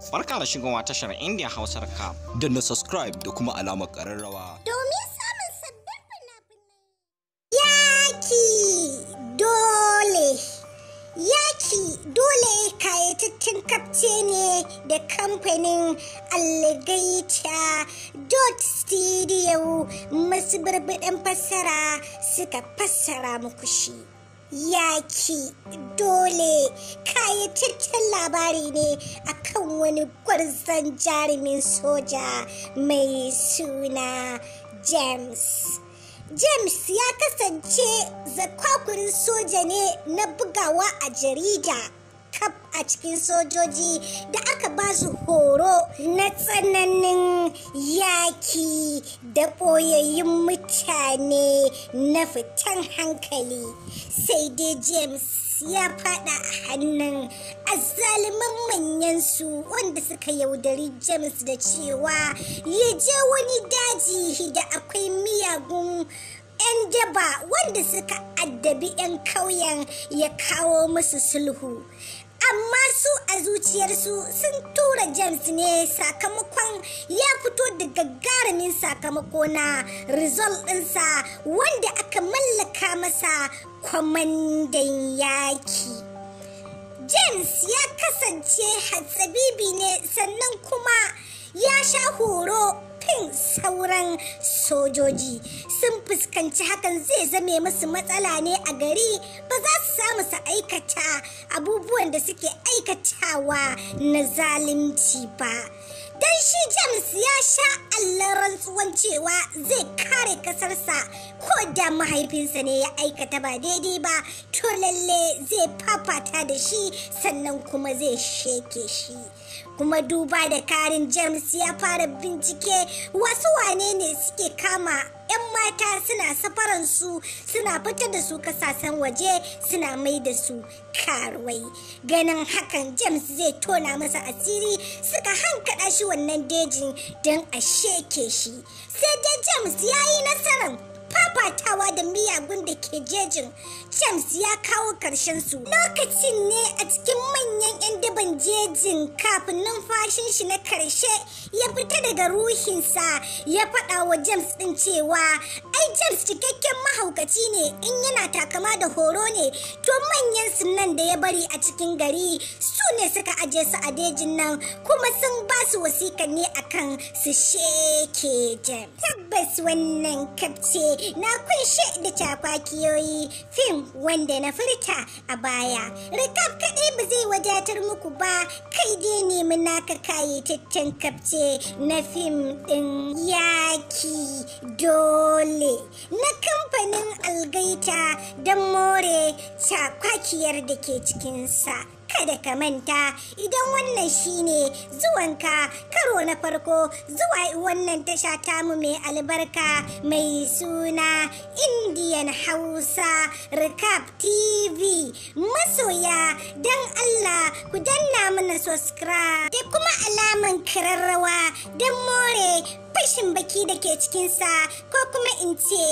Farka da shigowa tashar Indian Hausar ka. Da na subscribe da kuma alamar ƙararrawa. Domin samun sabbin fina-finai. Yaki dole. Yaki dole kayatattun kafce ne da kamfanin Alligator Dot Studio masu barbaɗen fassara suka fassara muku shi. yaki dole cikin labari ne akan wani gwarzon jarumin soja mai suna james james ya kasance zakwakurin soja ne na bugawa a jarida kaf a cikin sojoji da aka ba su horo na tsananin yaki da ɓoyayyun mutane na fitan hankali sai dai james ya fada a hannun manyan su wanda suka yaudari james da cewa ya je wani daji da akwai miyagun 'yan daba wanda suka addabi 'yan kauyen ya kawo musu sulhu amma su a zuciyarsu sun tura james ne sakamakon ya fito da gagarumin sakamako na result ɗinsa wanda aka mallaka masa kwamandan yaki james ya kasance hatsabibi ne sannan kuma ya sha horo fin sauran sojoji sun fuskanci hakan zai zame musu matsala ne a gari ba za su samu su aikata abubuwan da suke aikatawa na zalunci ba don shi james ya sha allon rantsuwan cewa zai kare kasarsa ko da mahaifinsa ne ya aikata ba daidai ba to lalle zai fafata da shi sannan kuma zai sheke shi kuma duba da karin james ya fara bincike wasu wane ne suke kama 'yan mata suna safaran su suna fitar da su kasasan waje suna mai da su karuwai ganin hakan james zai tona masa asiri suka hankada shi wannan dejin don a sheke shi sai dai james ya yi nasarar gabatawa da miyagun da ke jejin james ya kawo karshen su lokacin ne a cikin manyan 'yan daban jejin kafin numfashin shi na karshe ya fita daga ruhinsa ya faɗa wa james din cewa ai James cikakken mahaukaci ne in yana takama da horo ne to manyan sunan da ya bari a cikin gari su ne suka aje su a dejin nan kuma sun ba su wasiƙa ne akan su sheke James. Tabbas wannan kafce na kunshe da takwakiyoyi fim wanda na furta a baya. Rikab kaɗai ba zai wajatar muku ba kai dai nemi naka kayataccen kafce na fim ɗin yaki dole. na kamfanin Algaita don more cakwakiyar da ke cikinsa. Kada ka manta idan wannan shine zuwanka karo na farko zuwa wannan tasha tamu mai albarka mai suna Indian Hausa Recap TV masoya don Allah ku danna mana subscribe da kuma alaman kararrawa don more fashin baki da ke cikinsa ko kuma in ce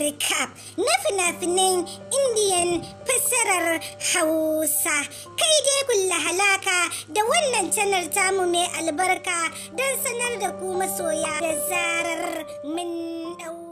recap na fina-finan indian fassarar hausa kai dai kulla halaka da wannan canar tamu mai albarka don sanar da ku masoya da zarar mun ɗau